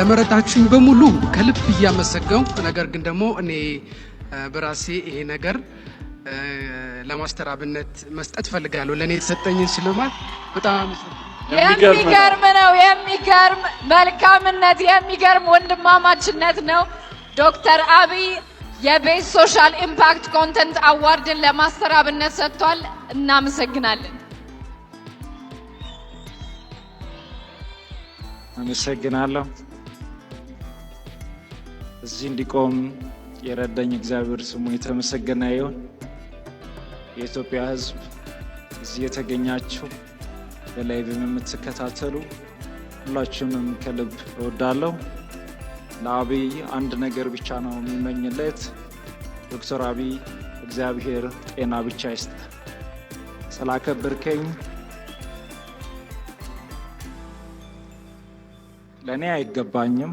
ለመረጣችሁኝ በሙሉ ከልብ እያመሰገንኩ ነገር ግን ደግሞ እኔ በራሴ ይሄ ነገር ለማስተራብነት መስጠት ፈልጋለሁ። ለእኔ የተሰጠኝን ሽልማት በጣም የሚገርም ነው። የሚገርም መልካምነት፣ የሚገርም ወንድማማችነት ነው። ዶክተር አብይ የቤት ሶሻል ኢምፓክት ኮንተንት አዋርድን ለማስተራብነት ሰጥቷል። እናመሰግናለን። አመሰግናለሁ። እዚህ እንዲቆም የረዳኝ እግዚአብሔር ስሙ የተመሰገነ ይሁን። የኢትዮጵያ ሕዝብ እዚህ የተገኛችሁ በላይቭም የምትከታተሉ ሁላችሁንም ከልብ እወዳለሁ። ለአብይ አንድ ነገር ብቻ ነው የሚመኝለት። ዶክተር አብይ እግዚአብሔር ጤና ብቻ ይስጥ። ስላከበርከኝ ለእኔ አይገባኝም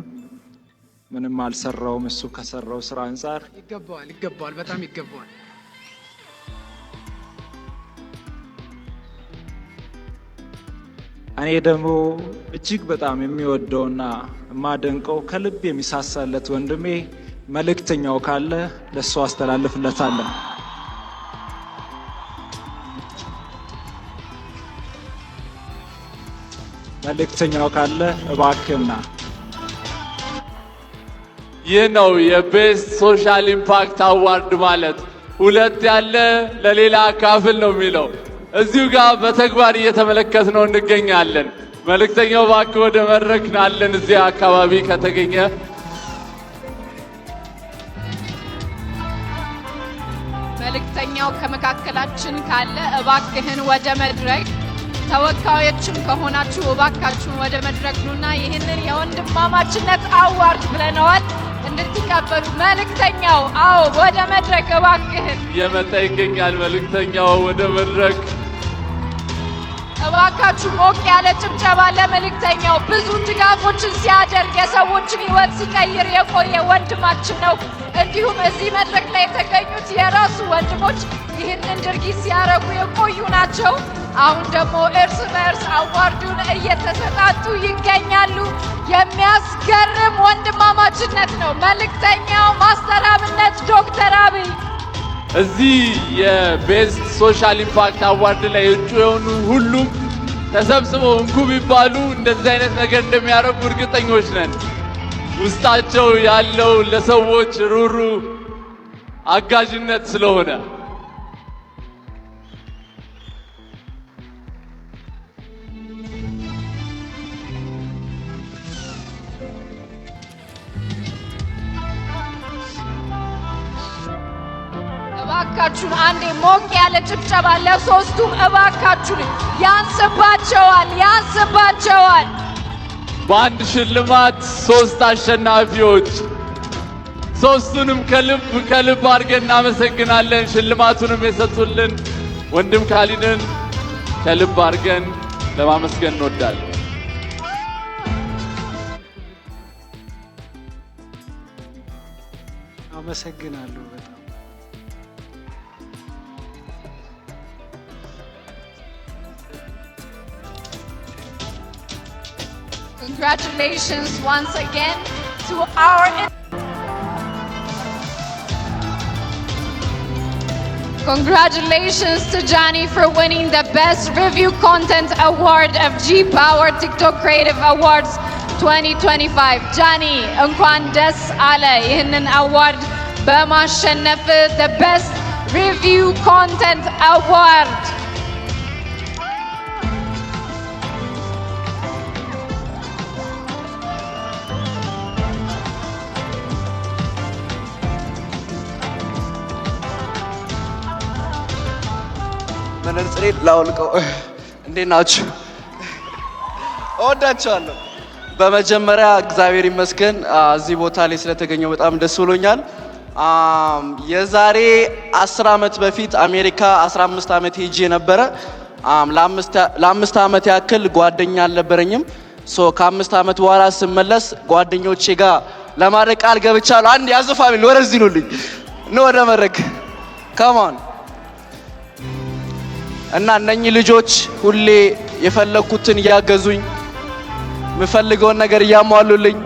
ምንም አልሰራውም። እሱ ከሰራው ስራ አንጻር ይገባዋል ይገባዋል፣ በጣም ይገባዋል። እኔ ደግሞ እጅግ በጣም የሚወደውና የማደንቀው ከልብ የሚሳሳለት ወንድሜ መልእክተኛው ካለ ለእሱ አስተላልፍለታለን። መልእክተኛው ካለ እባክህና ይህ ነው የቤስት ሶሻል ኢምፓክት አዋርድ ማለት። ሁለት ያለ ለሌላ አካፍል ነው የሚለው እዚሁ ጋር በተግባር እየተመለከት ነው እንገኛለን። መልእክተኛው እባክህ ወደ መድረክ ናለን እዚህ አካባቢ ከተገኘ መልእክተኛው ከመካከላችን ካለ እባክህን ወደ መድረክ ተወካዮችም ከሆናችሁ እባካችሁን ወደ መድረክ ኑና ይህንን የወንድማማችነት አዋርድ ብለነዋል። እንድትቀበሉ መልእክተኛው። አዎ ወደ መድረክ እባክህን እየመጣ ይገኛል። መልእክተኛው ወደ መድረክ እባካችሁ ሞቅ ያለ ጭብጨባ ለመልእክተኛው። ብዙ ድጋፎችን ሲያደርግ የሰዎችን ህይወት ሲቀይር የቆየ ወንድማችን ነው። እንዲሁም እዚህ መድረክ ላይ የተገኙት የራሱ ወንድሞች ይህንን ድርጊት ሲያደርጉ የቆዩ ናቸው። አሁን ደግሞ እርስ በእርስ አዋርዱን እየተሰጣጡ ይገኛሉ። የሚያስገርም ወንድማማችነት ነው። መልእክተኛው ማስተር አብነት ዶክተር አብይ እዚህ የቤስት ሶሻል ኢምፓክት አዋርድ ላይ እጩ የሆኑ ሁሉም ተሰብስበው እንኩ ቢባሉ እንደዚህ አይነት ነገር እንደሚያደርጉ እርግጠኞች ነን። ውስጣቸው ያለው ለሰዎች ሩሩ አጋዥነት ስለሆነ እባካችሁን አንዴ ሞቅ ያለ ጭብጨባ ለሶስቱም እባካችሁን። ያንስባቸዋል፣ ያንስባቸዋል። በአንድ ሽልማት ሶስት አሸናፊዎች ሶስቱንም ከልብ ከልብ አድርገን እናመሰግናለን። ሽልማቱንም የሰጡልን ወንድም ካሊንን ከልብ አድርገን ለማመስገን እንወዳለን። አመሰግናለሁ በጣም Congratulations once again to our. Congratulations to Johnny for winning the Best Review Content Award of G Power TikTok Creative Awards 2025. Johnny, እንኳን in an award አዋርድ በማሸነፍ the Best Review Content Award መነጽሬን ላውልቀው። እንዴት ናችሁ? እወዳቸዋለሁ። በመጀመሪያ እግዚአብሔር ይመስገን እዚህ ቦታ ላይ ስለተገኘው በጣም ደስ ብሎኛል። የዛሬ 10 ዓመት በፊት አሜሪካ 15 ዓመት ሄጄ ነበረ። ለአምስት ዓመት ያክል ጓደኛ አልነበረኝም። ሶ ከአምስት ዓመት በኋላ ስመለስ ጓደኞቼ ጋር ለማድረግ ቃል ገብቻለሁ። አንድ ያዘ ፋሚሊ ወደዚህ ኑልኝ ነው ወደ መድረክ ከማን እና እነኚህ ልጆች ሁሌ የፈለግኩትን እያገዙኝ የምፈልገውን ነገር እያሟሉልኝ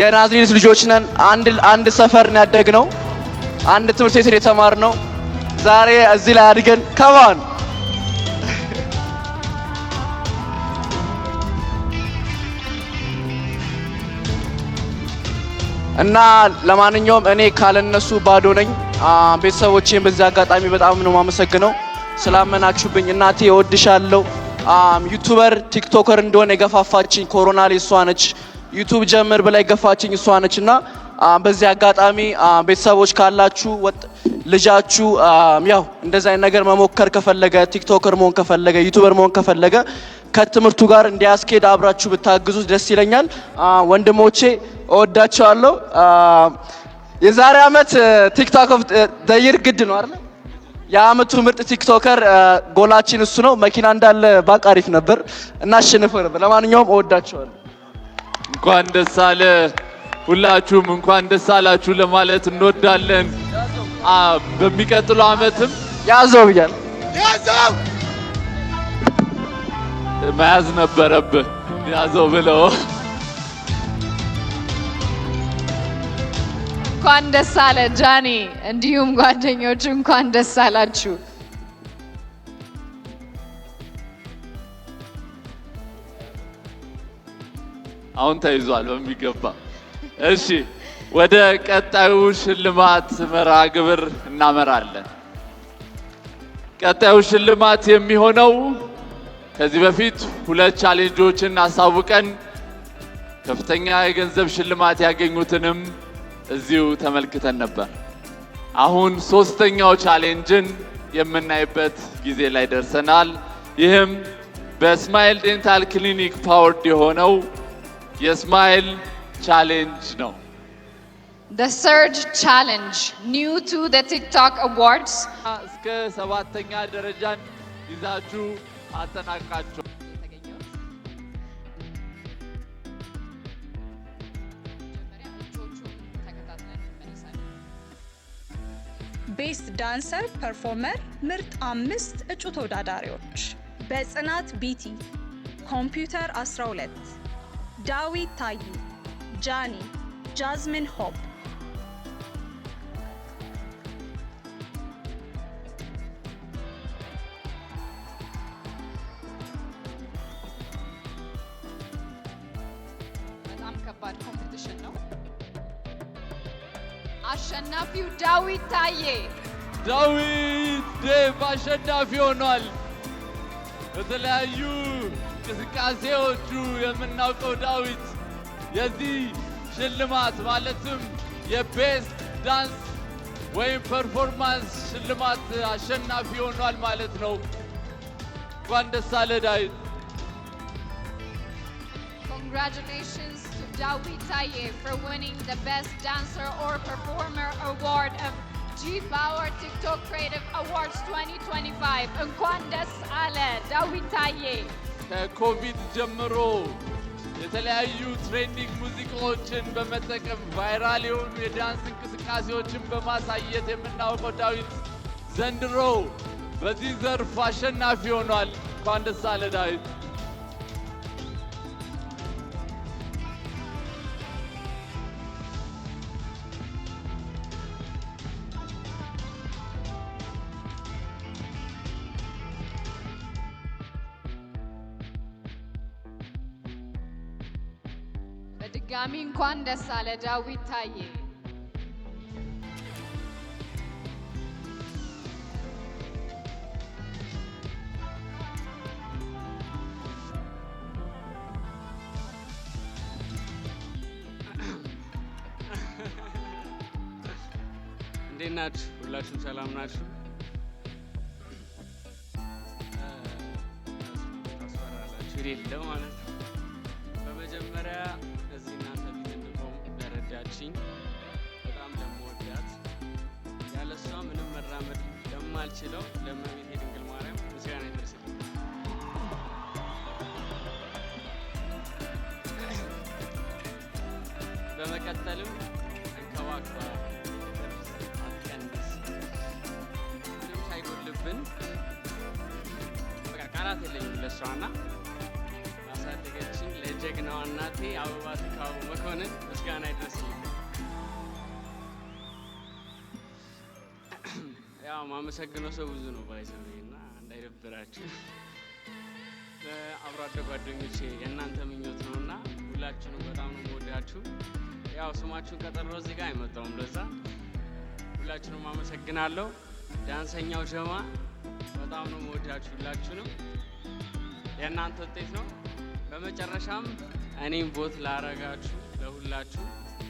የናዝሬት ልጆች ነን። አንድ አንድ ሰፈር ነው ያደግነው፣ አንድ ትምህርት ቤት የተማርነው። ዛሬ እዚህ ላይ አድገን ከማን እና ለማንኛውም እኔ ካለነሱ ባዶ ነኝ። ቤተሰቦቼን በዚህ አጋጣሚ በጣም ነው የማመሰግነው። ስላመናችሁብኝ እናቴ እወድሻለሁ። ዩቱበር ቲክቶከር እንደሆነ የገፋፋችኝ ኮሮና ላይ እሷ ነች። ዩቱብ ጀምር ብላ የገፋችኝ እሷ ነች እና በዚህ አጋጣሚ ቤተሰቦች ካላችሁ ልጃችሁ ያው እንደዚህ አይነት ነገር መሞከር ከፈለገ ቲክቶከር መሆን ከፈለገ ዩቱበር መሆን ከፈለገ ከትምህርቱ ጋር እንዲያስኬድ አብራችሁ ብታግዙ ደስ ይለኛል። ወንድሞቼ እወዳቸዋለሁ። የዛሬ ዓመት ቲክቶክ ኦፍ ዘ ይር ግድ ነው አይደል? የአመቱ ምርጥ ቲክቶከር ጎላችን እሱ ነው። መኪና እንዳለ ባቅ አሪፍ ነበር እና ነበር። ለማንኛውም እወዳቸዋለሁ። እንኳን ደስ አለ ሁላችሁም እንኳን ደስ አላችሁ ለማለት እንወዳለን። በሚቀጥለው አመትም ያዘው ብያል ያዘው መያዝ ነበረብህ ያዘው ብለው እንኳን ደስ አለ ጃኒ፣ እንዲሁም ጓደኞቹ እንኳን ደስ አላችሁ። አሁን ተይዟል በሚገባ። እሺ ወደ ቀጣዩ ሽልማት መርሃ ግብር እናመራለን። ቀጣዩ ሽልማት የሚሆነው ከዚህ በፊት ሁለት ቻሌንጆችን አሳውቀን ከፍተኛ የገንዘብ ሽልማት ያገኙትንም እዚሁ ተመልክተን ነበር። አሁን ሶስተኛው ቻሌንጅን የምናይበት ጊዜ ላይ ደርሰናል። ይህም በስማይል ዴንታል ክሊኒክ ፓወርድ የሆነው የስማይል ቻሌንጅ ነው። The third Challenge new to the TikTok Awards እስከ ሰባተኛ ደረጃን ይዛችሁ አጠናቃችሁ ቤስት ዳንሰር ፐርፎርመር ምርጥ አምስት እጩ ተወዳዳሪዎች በጽናት ቢቲ፣ ኮምፒውተር 12፣ ዳዊት ታይ ጃኒ፣ ጃዝሚን ሆፕ። በጣም ከባድ ኮምፒቲሽን ነው። አሸናፊው ዳዊት ታዬ ዳዊት ዴቭ አሸናፊ ሆኗል። በተለያዩ እንቅስቃሴዎቹ የምናውቀው ዳዊት የዚህ ሽልማት ማለትም የቤስት ዳንስ ወይም ፐርፎርማንስ ሽልማት አሸናፊ ሆኗል ማለት ነው። እንኳን ደስ አለ ዳዊት። ኮንግራቹሌሽን Dawit Tayeb for winning the Best Dancer or Performer Award of G Power TikTok Creative Awards 2025. And Kwandes Ale, Dawit Tayeb. COVID Jamaro. የተለያዩ ትሬንዲንግ ሙዚቃዎችን በመጠቀም ቫይራል የሆኑ የዳንስ እንቅስቃሴዎችን በማሳየት የምናውቀው ዳዊት ዘንድሮ በዚህ ዘርፍ አሸናፊ ሆኗል። እንኳን ደስ አለ ዳዊት። በድጋሚ እንኳን ደስ አለ ዳዊት ታዬ። እንዴት ናችሁ? ሁላችሁም ሰላም ናችሁ? እንዴት ማለት ማራመድ ለማልችለው ለእመቤቴ ድንግል ማርያም ምስጋና ይደርስል። በመቀጠልም እንከባክባ አትቀንስ፣ ምንም ሳይጎልብን በቃ ቃላት የለኝም ለእሷና አሳደገችን ለጀግናዋ እናቴ አበባ ትካቡ መኮንን ምስጋና ይድረስልኝ። ማመሰግነው ሰው ብዙ ነው ባይዘው እና እንዳይደብራችሁ አብሮ አደ ጓደኞቼ የእናንተ ምኞት ነው እና ሁላችሁንም በጣም ነው የምወዳችሁ። ያው ስማችሁን ቀጠሮ እዚህ ጋር አይመጣውም ለዛ ሁላችሁንም አመሰግናለሁ። ዳንሰኛው ጀማ በጣም ነው የምወዳችሁ ሁላችሁንም፣ የእናንተ ውጤት ነው። በመጨረሻም እኔም ቦት ላረጋችሁ ለሁላችሁ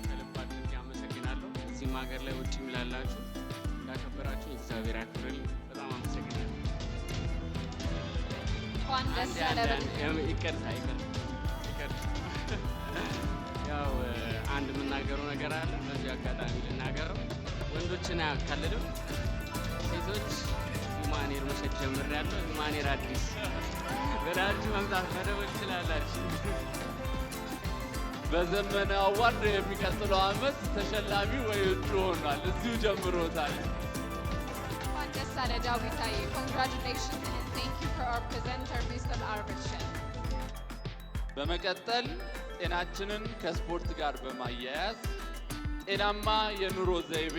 ከልብ አድርጌ አመሰግናለሁ። እዚህም ሀገር ላይ ውጭም ይምላላችሁ ስላከበራችሁ እግዚአብሔር ያክብርልኝ። በጣም አመሰግናለሁ። እንኳን ደስ ያለበት። ይቅርታ ይቅርታ፣ ያው አንድ የምናገረው ነገር አለ። በዚህ አጋጣሚ ልናገረው። ወንዶችን አያካልድም። ሴቶች ሁማኔር መሸጥ ጀምሬያለሁ። ሁማኔር አዲስ በዳችሁ መምጣት መደወል ትችላላችሁ። በዘመነ አዋርድ የሚቀጥለው ዓመት ተሸላሚ ወይ እጩ ሆኗል። እዚሁ ጀምሮታል። Canada, we congratulations and thank you for our presenter, Mr. Arvidshan. በመቀጠል ጤናችንን ከስፖርት ጋር በማያያዝ ጤናማ የኑሮ ዘይቤ